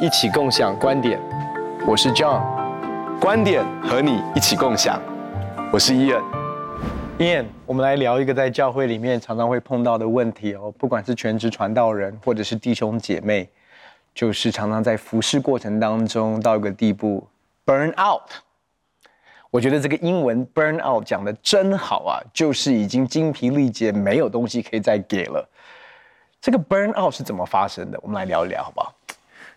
一起共享觀點，我是 John。觀點和你一起共享，我是伊恩。伊恩，我們來聊一個在教會裡面常常會碰到的問題哦，不管是全職傳道人或者是弟兄姐妹，就是常常在服侍過程當中到一個地步 burn out。我覺得這個英文 burn out 講得真好啊，就是已經精疲力竭，沒有東西可以再給了。這個 burn out 是怎麼發生的？我們來聊一聊，好不好？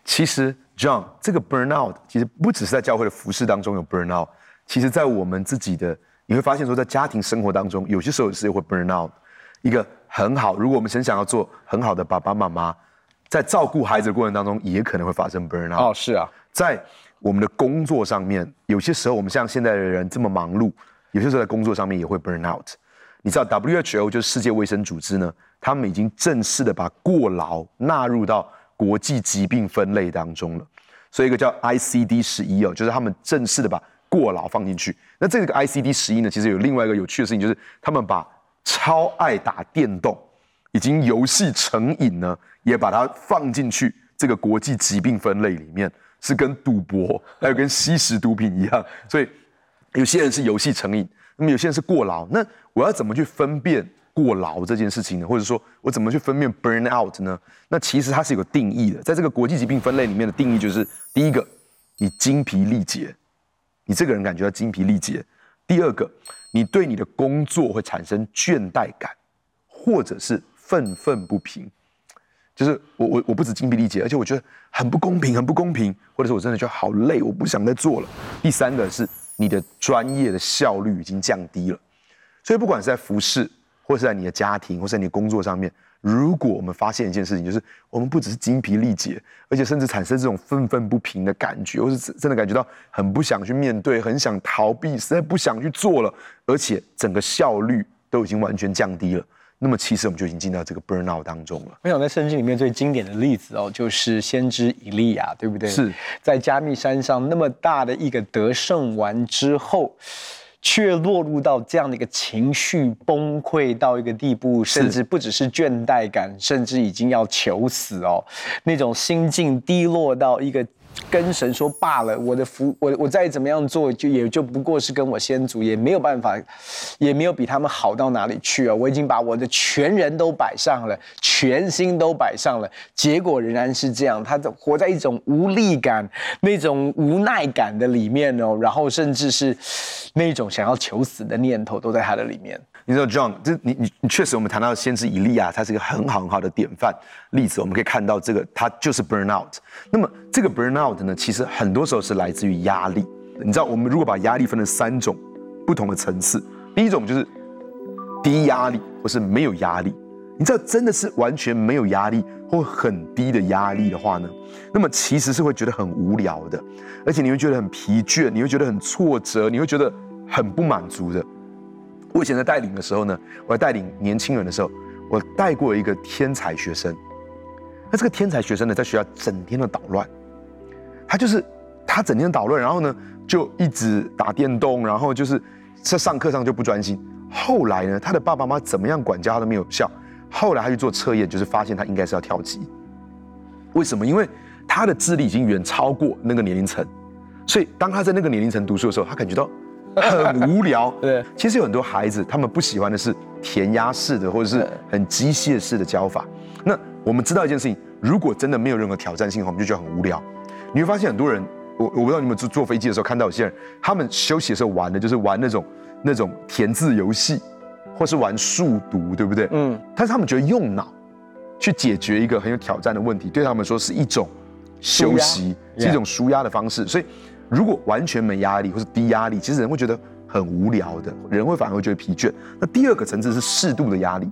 其實，John，這個 burnout，其實不只是在教會的服事當中有 burnout，其實在我們自己的，你會發現說，在家庭生活當中，有些時候也是會 burnout。一個很好，如果我們很想要做很好的爸爸媽媽，在照顧孩子的過程當中，也可能會發生 burnout。哦，是啊，在我們的工作上面，有些時候我們像現在的人這麼忙碌，有些時候在工作上面也會 burnout。你知道 WHO 就是世界衛生組織呢，他們已經正式的把過勞納入到。國際疾病分類當中了，所以一個叫 ICD 十一哦，就是他們正式的把過勞放進去。那這個 ICD 十一呢，其實有另外一個有趣的事情，就是他們把超愛打電動、已經遊戲成癮呢，也把它放進去這個國際疾病分類裡面，是跟賭博還有跟吸食毒品一樣。所以有些人是遊戲成癮，那麼有些人是過勞，那我要怎麼去分辨？過勞這件事情呢，或者說我怎麼去分辨 burn out 呢？那其實它是有定義的，在這個國際疾病分類裡面的定義就是：第一個，你精疲力竭，你這個人感覺到精疲力竭；第二個，你對你的工作會產生倦怠感，或者是憤憤不平，就是我我我不止精疲力竭，而且我覺得很不公平，很不公平，或者是我真的覺得好累，我不想再做了。第三個是你的專業的效率已經降低了，所以不管是在服飾。或是在你的家庭，或是在你的工作上面，如果我們發現一件事情，就是我們不只是精疲力竭，而且甚至產生這種憤憤不平的感覺，或是真的感覺到很不想去面對，很想逃避，實在不想去做了，而且整個效率都已經完全降低了，那麼其實我們就已經進到這個 burnout 當中了。我想在聖經裡面最經典的例子哦，就是先知以利亞，對不對？是在迦密山上那麼大的一個得勝完之後。卻落入到這樣的一個情緒崩潰到一個地步，甚至不只是倦怠感，是甚至已經要求死哦，那種心境低落到一個。跟神說罷了，我的福，我我再怎麼樣做，就也就不過是跟我先祖也沒有辦法，也沒有比他們好到哪裡去啊，哦！我已經把我的全人都擺上了，全心都擺上了，結果仍然是這樣。他活在一種無力感，那種無奈感的裡面哦，然後甚至是那種想要求死的念頭都在他的裡面。你知道 John，就你你你確實，我們談到先知以利亞，他是一個很好很好的典範例子。我們可以看到這個，他就是 burnout。那麼這個 burnout 呢，其實很多時候是來自於壓力。你知道，我們如果把壓力分成三種不同的層次，第一種就是低壓力，或是沒有壓力。你知道，真的是完全沒有壓力或很低的壓力的話呢，那麼其實是會覺得很無聊的，而且你會覺得很疲倦，你會覺得很挫折，你會覺得很不滿足的。我以前在帶領的時候呢，我帶領年輕人的時候，我帶過一個天才學生。那這個天才學生呢，在學校整天的搗亂，他就是他整天搗亂，然後呢，就一直打電動，然後就是在上課上就不專心。後來呢，他的爸爸媽媽怎麼樣管教他都沒有效。後來他去做測驗，就是發現他應該是要跳級。為什麼？因為他的智力已經遠超過那個年齡層，所以當他在那個年齡層讀書的時候，他感覺到。 很無聊。對，其實有很多孩子，他們不喜歡的是填鴨式的，或者是很機械式的教法。那我們知道一件事情，如果真的沒有任何挑戰性的話，我們就覺得很無聊。你會發現很多人，我我不知道你們坐坐飛機的時候看到有些人，他們休息的時候玩的，就是玩那種那種填字遊戲，或是玩數獨，對不對？嗯。但是他們覺得用腦去解決一個很有挑戰的問題，對他們說是一種休息，是一種舒壓的方式，所以。如果完全沒壓力或是低壓力，其實人會覺得很無聊的，人會反而會覺得疲倦。那第二個層次是適度的壓力，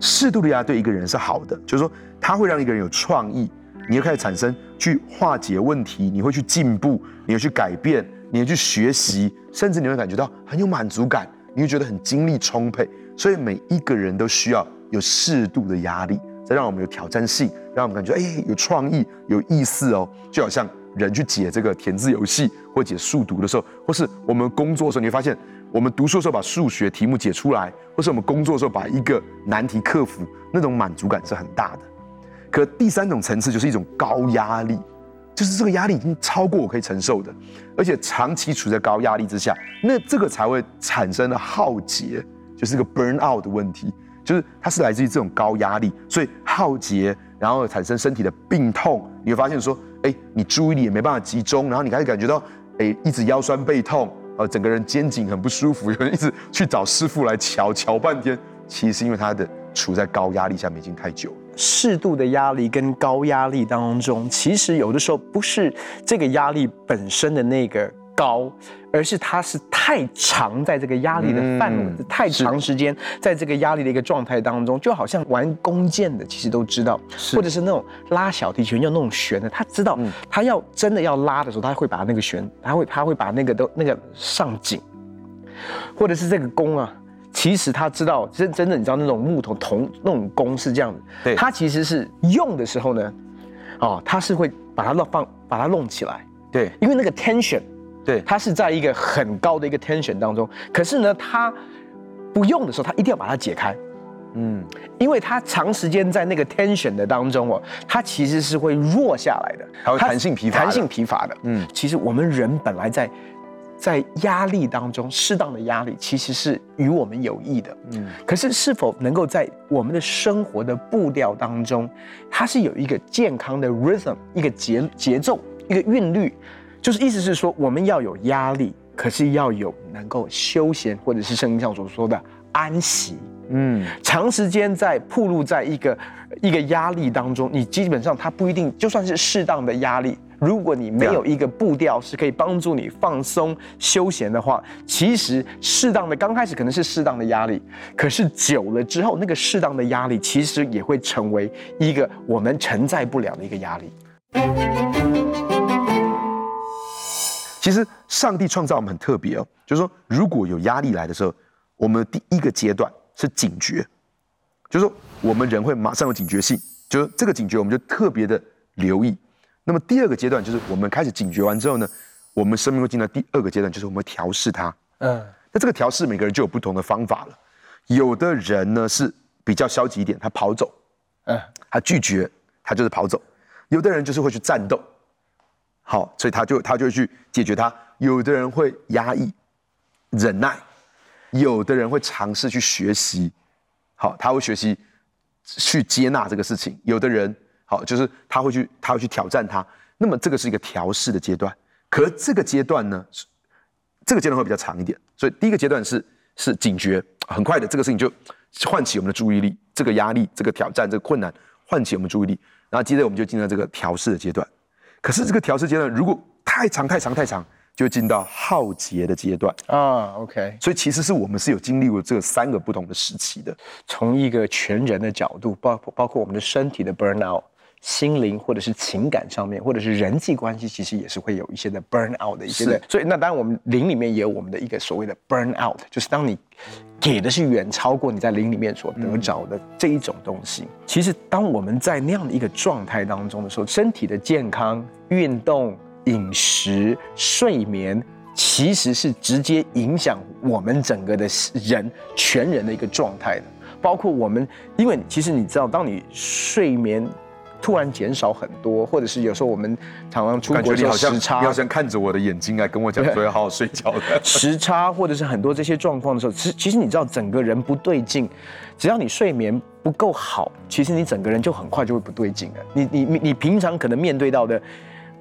適度的壓力對一個人是好的，就是說它會讓一個人有創意，你會開始產生去化解問題，你會去進步，你會去改變，你會去學習，甚至你會感覺到很有滿足感，你會覺得很精力充沛。所以每一個人都需要有適度的壓力，這讓我們有挑戰性，讓我們感覺哎、欸、有創意、有意思哦、喔，就好像。人去解這個填字遊戲或解數獨的時候，或是我們工作的時候，你會發現我們讀書的時候把數學題目解出來，或是我們工作的時候把一個難題克服，那種滿足感是很大的。可第三種層次就是一種高壓力，就是這個壓力已經超過我可以承受的，而且長期處在高壓力之下，那這個才會產生了耗竭，就是一個 burn out 的問題，就是它是來自於這種高壓力，所以耗竭，然後產生身體的病痛，你會發現說。哎，你注意力也沒辦法集中，然後你開始感覺到，哎，一直腰痠背痛，呃，整個人肩頸很不舒服，有人一直去找師傅來瞧瞧半天，其實是因為他的處在高壓力下面已經太久了。適度的壓力跟高壓力當中，其實有的時候不是這個壓力本身的那個高，而是它是太長，在這個壓力的範圍，嗯、太長時間在這個壓力的一個狀態當中，就好像玩弓箭的，其實都知道，是或者是那種拉小提琴要那種絃的，他知道，他要真的要拉的時候，他會把那個絃，他會他會把那個都那個上緊，或者是這個弓啊，其實他知道，真真的你知道那種木頭銅那種弓是這樣子，對，他其實是用的時候呢，哦，他是會把它弄放，把它弄起來，對，因為那個 tension。對，它是在一個很高的一個 tension 當中，可是呢，它不用的時候，它一定要把它解開，嗯，因為它長時間在那個 tension 的當中哦，它其實是會弱下來的，它會彈性疲乏彈性疲乏的，嗯，其實我們人本來在在壓力當中，適當的壓力其實是與我們有益的，嗯，可是是否能夠在我們的生活的步調當中，它是有一個健康的 rhythm，一個節節奏，一個韻律。就是意思是說，我們要有壓力，可是要有能夠休閒，或者是聖經上所說的安息。嗯，長時間在暴露在一個一個壓力當中，你基本上它不一定，就算是適當的壓力，如果你沒有一個步調是可以幫助你放鬆休閒的話，其實適當的剛開始可能是適當的壓力，可是久了之後，那個適當的壓力其實也會成為一個我們承載不了的一個壓力。其實上帝創造我們很特別哦，就是說，如果有壓力來的時候，我們的第一個階段是警覺，就是說我們人會馬上有警覺性，就是這個警覺我們就特別的留意。那麼第二個階段就是我們開始警覺完之後呢，我們生命會進到第二個階段，就是我們會調試它。嗯。那這個調試每個人就有不同的方法了，有的人呢是比較消極一點，他跑走，嗯，他拒絕，他就是跑走；有的人就是會去戰鬥。好，所以他就他就會去解決它。有的人會壓抑、忍耐；有的人會嘗試去學習。好，他會學習去接納這個事情。有的人，好，就是他會去，他會去挑戰它。那麼，這個是一個調試的階段。可這個階段呢，這個階段會比較長一點。所以，第一個階段是是警覺，很快的，這個事情就喚起我們的注意力。這個壓力、這個挑戰、這個困難，喚起我們注意力。然後，接着我們就進入這個調試的階段。可是這個調適階段如果太長太長太長，就會進到耗竭的階段啊。OK，所以其實是我們是有經歷過這三個不同的時期的。從一個全人的角度，包包括我們的身體的 burn out、心靈或者是情感上面，或者是人際關係，其實也是會有一些的 burn out 的一些的是所以那當然我們靈裡面也有我們的一個所謂的 burn out，就是當你。嗯給的是遠超過你在靈裡面所得着的這一種東西。其實，當我們在那樣的一個狀態當中的時候，身體的健康、運動、飲食、睡眠，其實是直接影響我們整個的人全人的一個狀態的。包括我們，因為其實你知道，當你睡眠。突然減少很多，或者是有時候我們常常出國要時，時差，你好像看着我的眼睛啊，跟我講，說要好好睡覺的。時差或者是很多這些狀況的時候，其實其實你知道整個人不對勁，只要你睡眠不夠好，其實你整個人就很快就會不對勁了。你你你你平常可能面對到的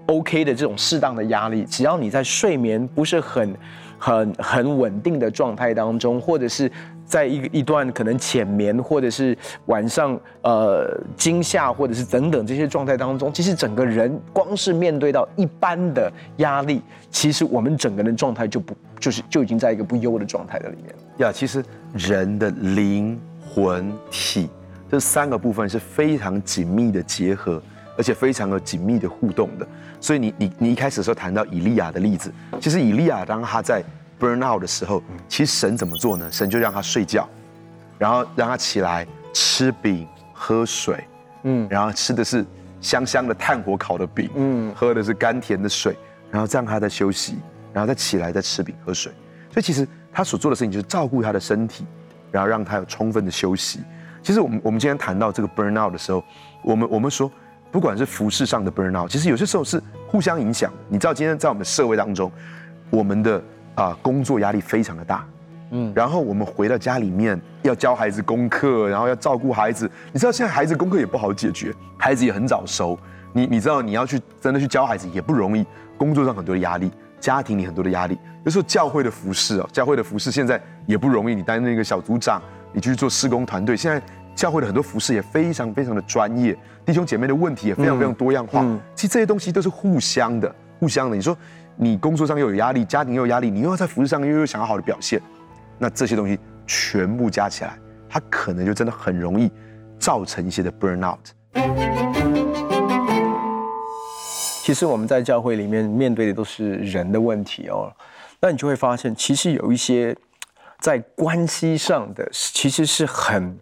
OK 的這種適當的壓力，只要你在睡眠不是很很很穩定的狀態當中，或者是。在一一段可能淺眠，或者是晚上，呃，驚嚇，或者是等等這些狀態當中，其實整個人光是面對到一般的壓力，其實我們整個人狀態就不就是就已經在一個不優的狀態的裡面了。呀，其實人的靈魂體這三個部分是非常緊密的結合，而且非常有緊密的互動的。所以你你你一開始的時候談到以利亞的例子，其實以利亞當他在。Burnout 的時候，其實神怎麼做呢？神就讓他睡覺，然後讓他起來吃餅喝水，嗯，然後吃的是香香的炭火烤的餅，嗯，喝的是甘甜的水，然後這樣他在休息，然後再起來再吃餅喝水。所以其實他所做的事情就是照顧他的身體，然後讓他有充分的休息。其實我們我們今天談到這個 Burnout 的時候，我們我們說不管是服飾上的 Burnout，其實有些時候是互相影響。你知道今天在我們社會當中，我們的啊，工作壓力非常的大，嗯，然後我們回到家裡面要教孩子功課，然後要照顧孩子，你知道現在孩子功課也不好解決，孩子也很早熟，你你知道你要去真的去教孩子也不容易，工作上很多的壓力，家庭裡很多的壓力，有時候教會的服侍，啊，教會的服侍現在也不容易，你擔任一個小組長，你去做事工團隊，現在教會的很多服侍也非常非常的專業，弟兄姐妹的問題也非常非常多樣化，其實這些東西都是互相的，互相的，你說。你工作上又有壓力，家庭又有壓力，你又要在服侍上又有想要好的表現，那這些東西全部加起來，它可能就真的很容易造成一些的 burnout。其實我們在教會裡面面對的都是人的問題哦，那你就會發現，其實有一些在關係上的，其實是很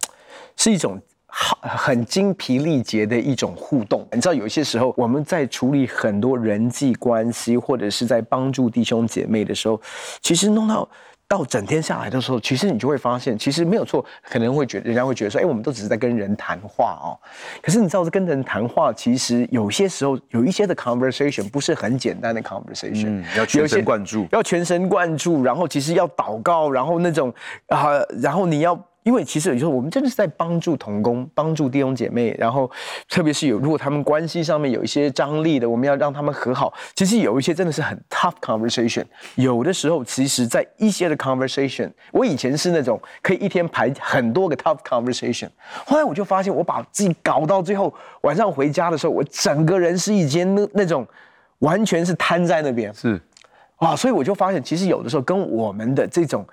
是一種。好，很精疲力竭的一種互動。你知道，有些時候我們在處理很多人際關係，或者是在幫助弟兄姐妹的時候，其實弄到到整天下來的時候，其實你就會發現，其實沒有錯。可能會覺得，人家會覺得說：“哎，我們都只是在跟人談話哦。”可是你知道，跟人談話，其實有些時候有一些的 conversation 不是很簡單的 conversation。嗯，要全神貫注，要全神貫注，然後其實要禱告，然後那種啊、呃，然後你要。因為其實有時候我們真的是在幫助同工，幫助弟兄姐妹，然後特別是有如果他們關係上面有一些張力的，我們要讓他們和好。其實有一些真的是很 tough conversation，有的時候其實，在一些的 conversation，我以前是那種可以一天排很多個 tough conversation，後來我就發現，我把自己搞到最後晚上回家的時候，我整個人是一間那那種完全是癱在那邊。是，啊，所以我就發現，其實有的時候跟我們的這種。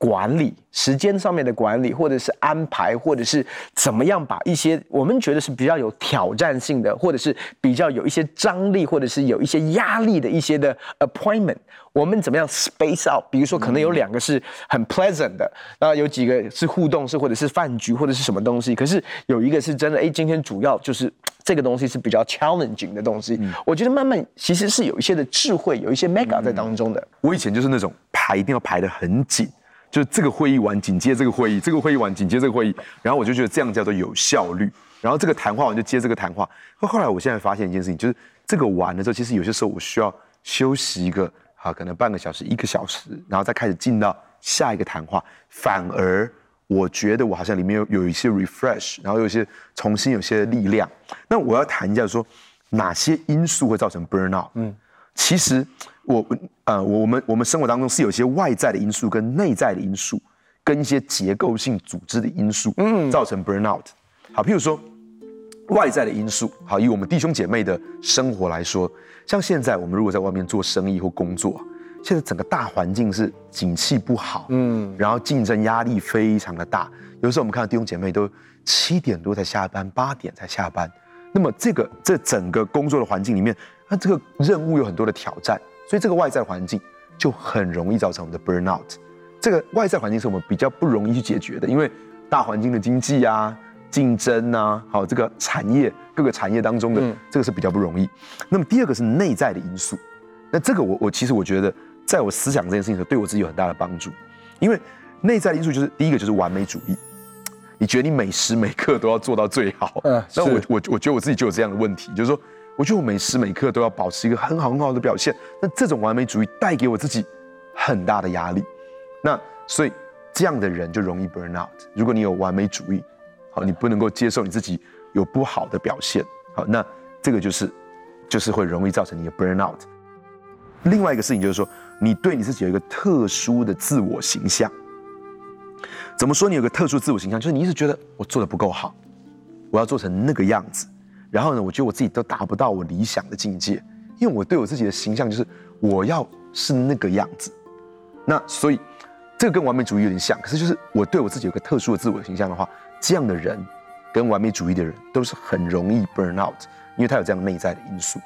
管理時間上面的管理，或者是安排，或者是怎麼樣把一些我們覺得是比較有挑戰性的，或者是比較有一些張力，或者是有一些壓力的一些的 appointment，我們怎麼樣 space out？比如說可能有兩個是很 pleasant 的，啊、嗯，然後有幾個是互動式，或者是飯局，或者是什麼東西，可是有一個是真的，哎、欸，今天主要就是這個東西是比較 challenging 的東西。嗯、我覺得慢慢其實是有一些的智慧，有一些 mega 在當中的、嗯。我以前就是那種排一定要排得很緊。就這個會議完，緊接這個會議，這個會議完，緊接這個會議，然後我就覺得這樣叫做有效率。然後這個談話完就接這個談話。後後來，我現在發現一件事情，就是這個完的時候，其實有些時候我需要休息一個，啊，可能半個小時、一個小時，然後再開始進到下一個談話。反而我覺得我好像裡面有有一些 refresh，然後有一些重新有些力量。那我要談一下說，說哪些因素會造成 burnout？嗯，其實。我呃，我我們我們生活當中是有一些外在的因素跟內在的因素，跟一些結構性組織的因素，嗯，造成 burnout。好，譬如說外在的因素，好，以我們弟兄姐妹的生活來說，像現在我們如果在外面做生意或工作，現在整個大環境是景氣不好，嗯，然後競爭壓力非常的大。有時候我們看到弟兄姐妹都七點多才下班，八點才下班，那麼這個這整個工作的環境裡面，那這個任務有很多的挑戰。所以這個外在環境就很容易造成我們的 burnout。這個外在環境是我們比較不容易去解決的，因為大環境的經濟啊、競爭啊，還有這個產業各個產業當中的這個是比較不容易。那麼第二個是內在的因素，那這個我我其實我覺得，在我思想這件事情上對我自己有很大的幫助，因為內在的因素就是第一個就是完美主義，你覺得你每時每刻都要做到最好。那我我我覺得我自己就有這樣的問題，就是說。我覺得我每時每刻都要保持一個很好很好的表現，那這種完美主義帶給我自己很大的壓力，那所以這樣的人就容易 burn out。如果你有完美主義，好，你不能夠接受你自己有不好的表現，好，那這個就是就是會容易造成你的 burn out。另外一個事情就是說，你對你自己有一個特殊的自我形象，怎麼說？你有個特殊自我形象，就是你一直覺得我做得不夠好，我要做成那個樣子。然後呢，我覺得我自己都達不到我理想的境界，因為我對我自己的形象就是我要是那個樣子，那所以這個跟完美主義有點像，可是就是我對我自己有個特殊的自我的形象的話，這樣的人跟完美主義的人都是很容易 burn out，因為他有這樣內在的因素。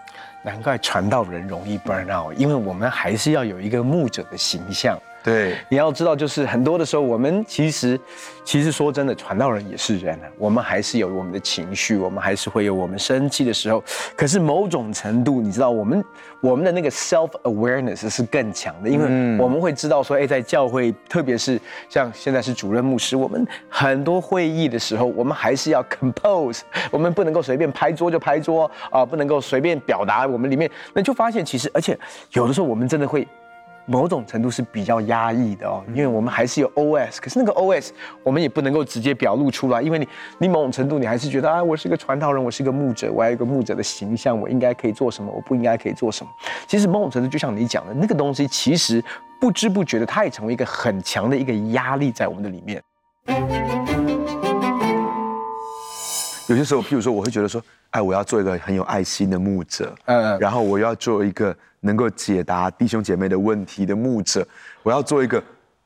難怪傳道人容易 burn out，因為我們還是要有一個牧者的形象。對，你要知道，就是很多的時候，我們其實，其實說真的，傳道人也是人啊，我們還是有我們的情緒，我們還是會有我們生氣的時候。可是某種程度，你知道，我們我們的那個 self-awareness 是更強的，因為我們會知道說，哎，在教會，特別是像現在是主任牧師，我們很多會議的時候，我們還是要 compose，我們不能夠隨便拍桌就拍桌啊，不能夠隨便表達我們裡面，那就發現其實，而且有的時候我們真的會。某種程度是比較壓抑的哦，因為我們還是有 OS，可是那個 OS 我們也不能夠直接表露出來，因為你，你某種程度你還是覺得啊，我是個傳道人，我是個牧者，我還有一個牧者的形象，我應該可以做什麼，我不應該可以做什麼。其實某種程度就像你講的，那個東西其實不知不覺的，它也成為一個很強的一個壓力在我們的裡面。有些時候，譬如說，我會覺得說，哎，我要做一個很有愛心的牧者，嗯嗯，然後我要做一個。能夠解答弟兄姐妹的問題的牧者，我要做一個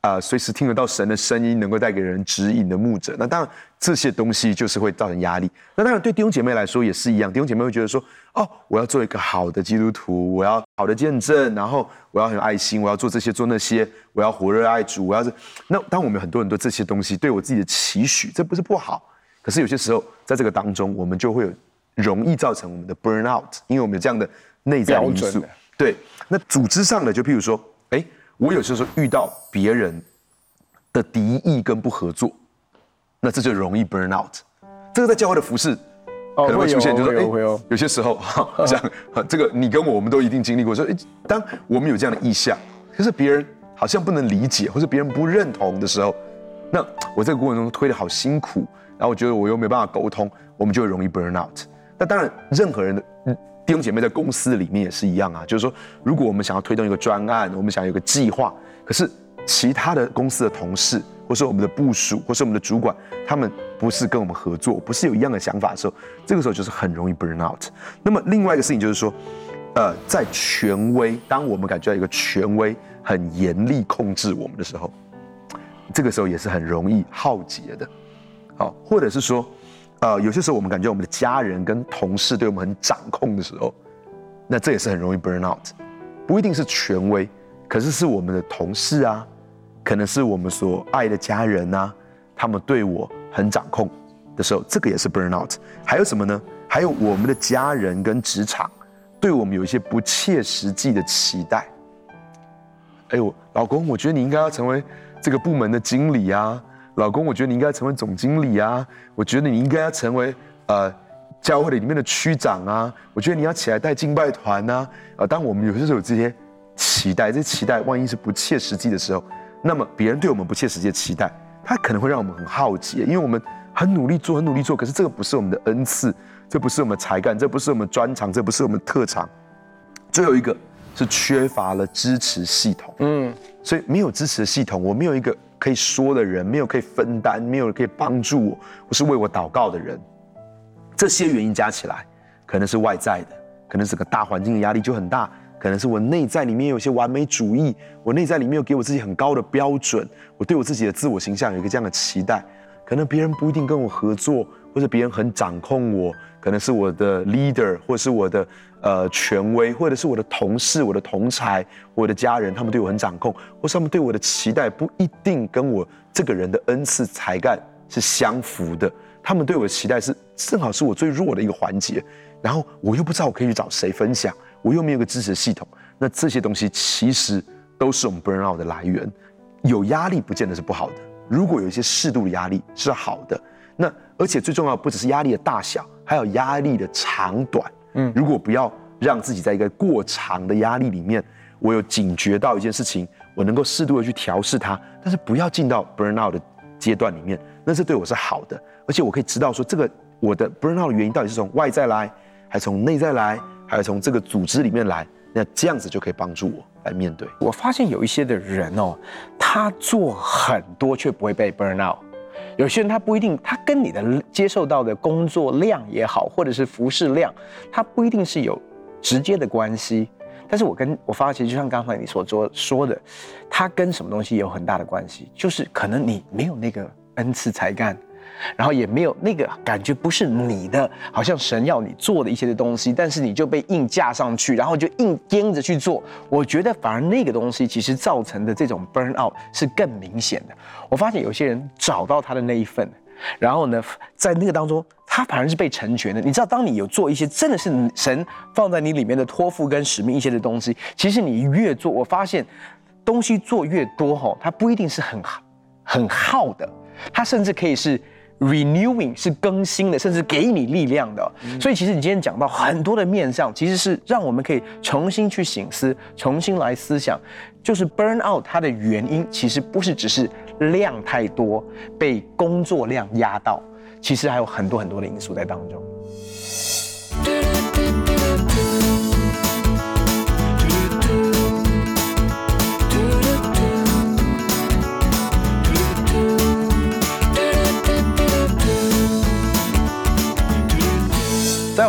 啊、呃，隨時聽得到神的聲音，能夠帶給人指引的牧者。那當然，這些東西就是會造成壓力。那當然，對弟兄姐妹來說也是一樣。弟兄姐妹會覺得說，哦，我要做一個好的基督徒，我要好的見證，然後我要很有愛心，我要做這些做那些，我要火熱愛主，我要是，那當然我們很多很多這些東西對我自己的期許，這不是不好，可是有些時候在這個當中，我們就會有容易造成我們的 burn out，因為我們有這樣的內在因素。對，那組織上的就譬如說，哎，我有時候遇到別人的敵意跟不合作，那這就容易 burn out。這個在教會的服事可能會出現，哦哦、就是哎，有些時候，好像、哦、這個你跟我，我們都一定經歷過，說哎，當我們有這樣的意向，可是別人好像不能理解，或是別人不認同的時候，那我這個過程中推得好辛苦，然後我覺得我又沒辦法溝通，我們就會容易 burn out。那當然，任何人的。弟兄姐妹在公司裡面也是一樣啊，就是說，如果我們想要推動一個專案，我們想有一個計劃，可是其他的公司的同事，或是我們的部屬，或是我們的主管，他們不是跟我們合作，不是有一樣的想法的時候，這個時候就是很容易 burn out。那麼另外一個事情就是說，呃，在權威，當我們感覺到一個權威很嚴厲控制我們的時候，這個時候也是很容易耗竭的。好，或者是說。呃，有些時候我們感覺我們的家人跟同事對我們很掌控的時候，那這也是很容易 burn out。不一定是權威，可是是我們的同事啊，可能是我們所愛的家人啊，他們對我很掌控的時候，這個也是 burn out。還有什麼呢？還有我們的家人跟職場，對我們有一些不切實際的期待。哎呦，老公，我覺得你應該要成為這個部門的經理啊。老公，我覺得你應該成為總經理啊！我覺得你應該要成為呃教會裡面的區長啊！我覺得你要起來帶敬拜團啊，啊！啊，當我們有些時候有這些期待，這些期待萬一是不切實際的時候，那麼別人對我們不切實際的期待，他可能會讓我們很耗竭，因為我們很努力做，很努力做，可是這個不是我們的恩賜，這不是我們才幹，這不是我們專長，這不是我們特長。最後一個是缺乏了支持系統，嗯，所以沒有支持系統，我沒有一個。可以說的人，沒有可以分擔，沒有人可以幫助我，我是為我禱告的人。這些原因加起來，可能是外在的，可能是整個大環境的壓力就很大，可能是我內在裡面有一些完美主義，我內在裡面有給我自己很高的標準，我對我自己的自我形象有一個這樣的期待，可能別人不一定跟我合作。或者別人很掌控我，可能是我的 leader，或者是我的呃權威，或者是我的同事、我的同儕、我的家人，他們對我很掌控，或者他們對我的期待不一定跟我這個人的恩賜才幹是相符的，他們對我的期待是正好是我最弱的一個環節，然後我又不知道我可以去找誰分享，我又沒有個支持系統，那這些東西其實都是我們 burnout 的來源。有壓力不見得是不好的，如果有一些適度的壓力是好的，那。而且最重要不只是壓力的大小，還有壓力的長短。嗯，如果不要讓自己在一個過長的壓力裡面，我有警覺到一件事情，我能夠適度的去調適它，但是不要進到 burn out 的階段裡面，那是對我是好的，而且我可以知道說這個我的 burn out 的原因到底是從外在來，還是從內在來，還是從這個組織裡面來，那這樣子就可以幫助我來面對。我發現有一些的人哦，他做很多卻不會被 burn out。有些人他不一定，他跟你的接受到的工作量也好，或者是服事量，他不一定是有直接的關係。但是我跟我發現，就像剛才你所說說的，他跟什麼東西有很大的關係，就是可能你沒有那個恩賜才幹。然後也沒有那個感覺，不是你的，好像神要你做的一些的東西，但是你就被硬架上去，然後就硬顛着去做。我覺得反而那個東西其實造成的這種 burnout 是更明顯的。我發現有些人找到他的那一份，然後呢，在那個當中，他反而是被成全的。你知道，當你有做一些真的是神放在你裡面的托付跟使命一些的東西，其實你越做，我發現東西做越多，吼，它不一定是很很耗的，它甚至可以是。Renewing 是更新的，甚至給你力量的。嗯，所以其實你今天講到很多的面相，其實是讓我們可以重新去省思，重新來思想，就是 burn out 它的原因，其實不是只是量太多被工作量壓到，其實還有很多很多的因素在當中。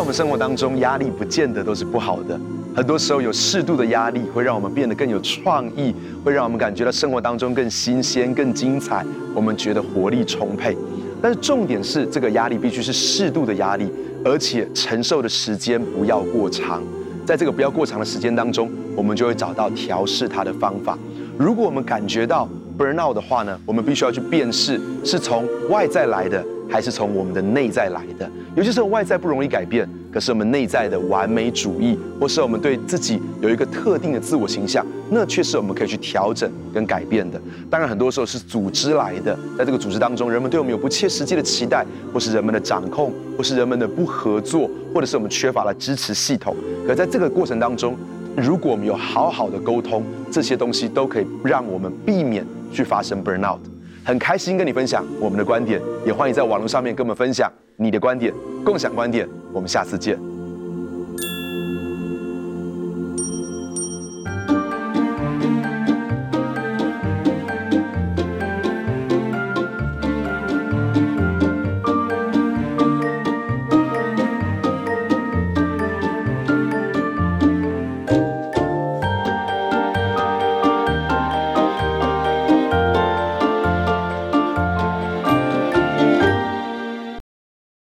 在我們生活當中，壓力不見得都是不好的。很多時候，有適度的壓力會讓我們變得更有創意，會讓我們感覺到生活當中更新鮮、更精彩，我們覺得活力充沛。但是重點是，這個壓力必須是適度的壓力，而且承受的時間不要過長。在這個不要過長的時間當中，我們就會找到調適它的方法。如果我們感覺到 burnout 的話呢，我們必須要去辨識是從外在來的。還是從我們的內在來的，尤其是外在不容易改變，可是我們內在的完美主義，或是我們對自己有一個特定的自我形象，那卻是我們可以去調整跟改變的。當然，很多時候是組織來的，在這個組織當中，人們對我們有不切實際的期待，或是人們的掌控，或是人們的不合作，或者是我們缺乏了支持系統。可在這個過程當中，如果我們有好好的溝通，這些東西都可以讓我們避免去發生 burnout。很開心跟你分享我們的觀點，也歡迎在網絡上面跟我們分享你的觀點，共享觀點。我們下次見。